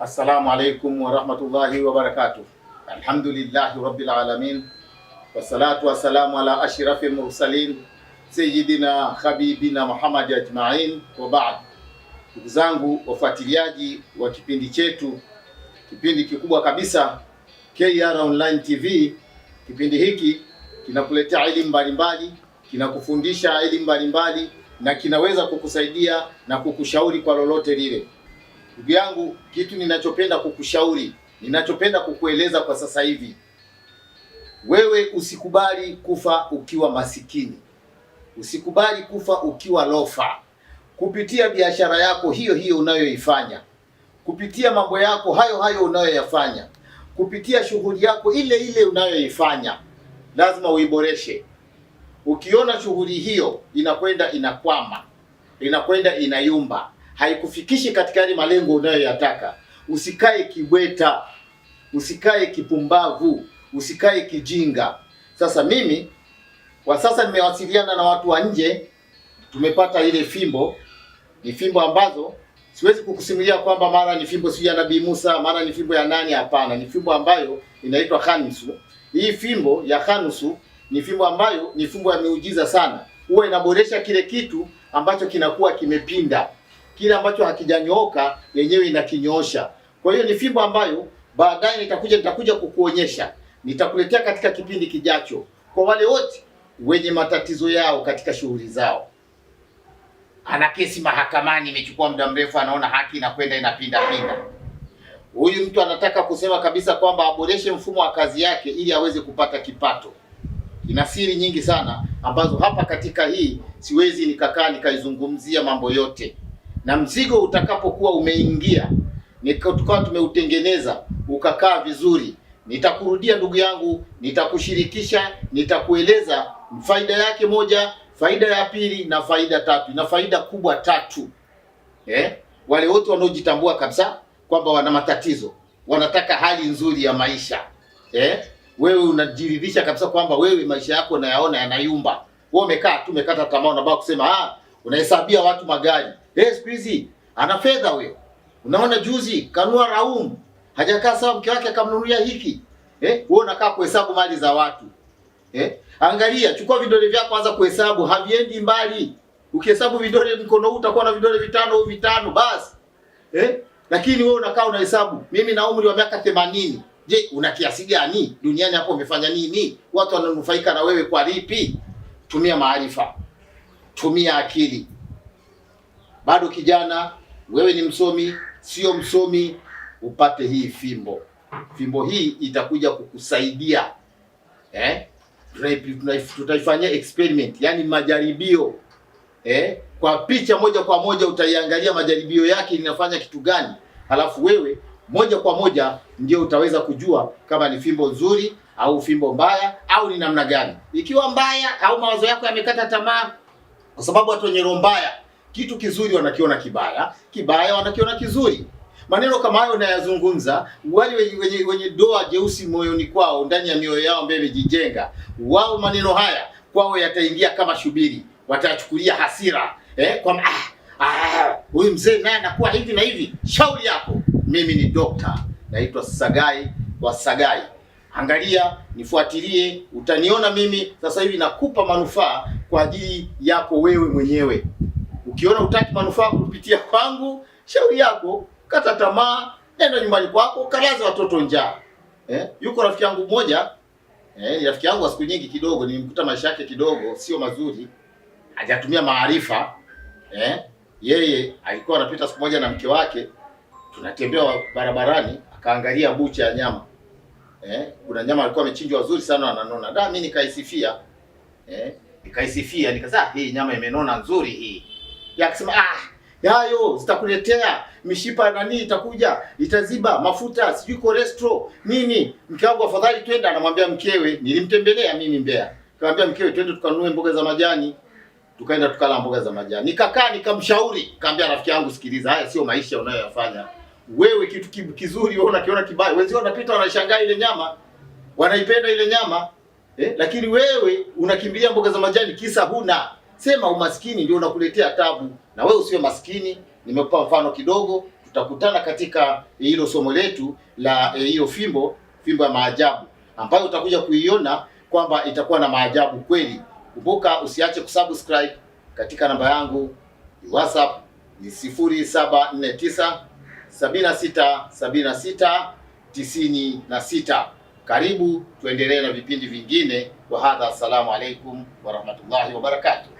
Assalamu alaikum warahmatullahi wabarakatuh. Alhamdulillahi rabbil alamin wassalatu wassalamu ala ashrafil mursalin sayyidina habibina Muhammad ajmain wa baad. Ndugu zangu wafuatiliaji wa kipindi chetu, kipindi kikubwa kabisa KR Online TV. Kipindi hiki kinakuletea elimu mbalimbali, kinakufundisha elimu mbalimbali na kinaweza kukusaidia na kukushauri kwa lolote lile. Ndugu yangu, kitu ninachopenda kukushauri, ninachopenda kukueleza kwa sasa hivi, wewe usikubali kufa ukiwa masikini, usikubali kufa ukiwa lofa. Kupitia biashara yako hiyo hiyo unayoifanya, kupitia mambo yako hayo hayo unayoyafanya, kupitia shughuli yako ile ile unayoifanya, lazima uiboreshe. Ukiona shughuli hiyo inakwenda inakwama, inakwenda inayumba haikufikishi katika yale malengo unayoyataka. Usikae kibweta, usikae kipumbavu, usikae kijinga. Sasa mimi kwa sasa nimewasiliana na watu wa nje, tumepata ile fimbo. Ni fimbo ambazo siwezi kukusimulia kwamba mara ni fimbo sijui ya Nabii Musa, mara ni fimbo ya nani. Hapana, ni fimbo ambayo inaitwa Khanusu. Hii fimbo ya Khanusu ni fimbo ambayo ni fimbo ya miujiza sana, huwa inaboresha kile kitu ambacho kinakuwa kimepinda kile ambacho hakijanyooka yenyewe inakinyoosha. Kwa hiyo ni fimbo ambayo baadaye nitakuja nitakuja kukuonyesha, nitakuletea katika kipindi kijacho, kwa wale wote wenye matatizo yao katika shughuli zao. Ana kesi mahakamani imechukua muda mrefu, anaona haki inakwenda inapinda pinda. Huyu mtu anataka kusema kabisa kwamba aboreshe mfumo wa kazi yake ili aweze kupata kipato. Ina siri nyingi sana ambazo hapa katika hii siwezi nikakaa nikaizungumzia mambo yote na mzigo utakapokuwa umeingia tukawa tumeutengeneza ukakaa vizuri, nitakurudia ndugu yangu, nitakushirikisha, nitakueleza faida yake moja, faida ya pili na faida tatu, na faida kubwa tatu eh? Wale wote wanaojitambua kabisa kwamba wana matatizo, wanataka hali nzuri ya maisha eh? Wewe unajiridhisha kabisa kwamba wewe maisha yako unayaona yanayumba, wewe umekaa tu umekata tamaa, unabaki kusema ah, unahesabia watu magari Eh, siku hizi ana fedha huyo. Unaona juzi kanua Raum hajakaa sawa, mke wake akamnunulia hiki. Eh, wewe unakaa kuhesabu mali za watu. Eh? Angalia, chukua vidole vyako anza kuhesabu, haviendi mbali. Ukihesabu vidole mkono huu utakuwa na vidole vitano au vitano basi. Eh? Lakini wewe unakaa unahesabu. Mimi na umri wa miaka 80. Je, una kiasi gani duniani hapo? Umefanya nini? Watu wananufaika na wewe kwa lipi? Tumia maarifa, tumia akili bado kijana, wewe ni msomi, sio msomi, upate hii fimbo. Fimbo hii itakuja kukusaidia eh? Tutaifanyia experiment, yani majaribio eh? Kwa picha moja kwa moja utaiangalia majaribio yake inafanya kitu gani, halafu wewe moja kwa moja ndio utaweza kujua kama ni fimbo nzuri au fimbo mbaya au ni namna gani. Ikiwa mbaya au mawazo yako yamekata tamaa, kwa sababu watu wenye roho mbaya kitu kizuri wanakiona kibaya, kibaya wanakiona kizuri. Maneno kama hayo unayazungumza, wale wenye, wenye doa jeusi moyoni kwao, ndani ya mioyo yao ambayo imejijenga, wao maneno haya kwao yataingia kama shubiri, watachukulia hasira eh, kwa ah, ah, huyu ah, mzee naye anakuwa hivi na hivi. Shauri yako. Mimi ni dokta, naitwa Sagai wa Sagai. Angalia, nifuatilie, utaniona mimi sasa hivi nakupa manufaa kwa ajili yako wewe mwenyewe. Ukiona utaki manufaa kupitia kwangu, shauri yako, kata tamaa, nenda nyumbani kwako, kalaza watoto njaa. Eh? Yuko rafiki yangu mmoja eh, rafiki yangu wa siku nyingi kidogo, nilimkuta maisha yake kidogo sio mazuri, hajatumia maarifa eh? Yeye alikuwa anapita siku moja na mke wake, tunatembea barabarani, akaangalia bucha ya nyama eh? Kuna nyama alikuwa amechinjwa vizuri sana, ananona da, mimi nikaisifia eh? Nikaisifia nikasema ah, hii nyama imenona nzuri hii ya kusema ah, yayo zitakuletea mishipa nani, itakuja itaziba, mafuta sijui cholesterol nini. Mke wangu afadhali twenda, anamwambia mkewe, nilimtembelea mimi Mbeya, nikamwambia mkewe, twende tukanunue mboga za majani. Tukaenda tukala mboga za majani, nikakaa nikamshauri, nikamwambia rafiki yangu, sikiliza, haya sio maisha unayoyafanya wewe. Kitu kizuri wewe unakiona kibaya, wenzio wanapita wanashangaa, ile nyama wanaipenda ile nyama eh, lakini wewe unakimbilia mboga za majani, kisa huna sema umaskini ndio unakuletea tabu, na wewe usiwe maskini. Nimekupa mfano kidogo, tutakutana katika hilo somo letu la eh, hiyo fimbo, fimbo ya maajabu ambayo utakuja kuiona kwamba itakuwa na maajabu kweli. Kumbuka usiache kusubscribe katika namba yangu WhatsApp ni 0749 76 76 Karibu tuendelee na vipindi vingine. Wa hadha, assalamu alaikum warahmatullahi wabarakatuh.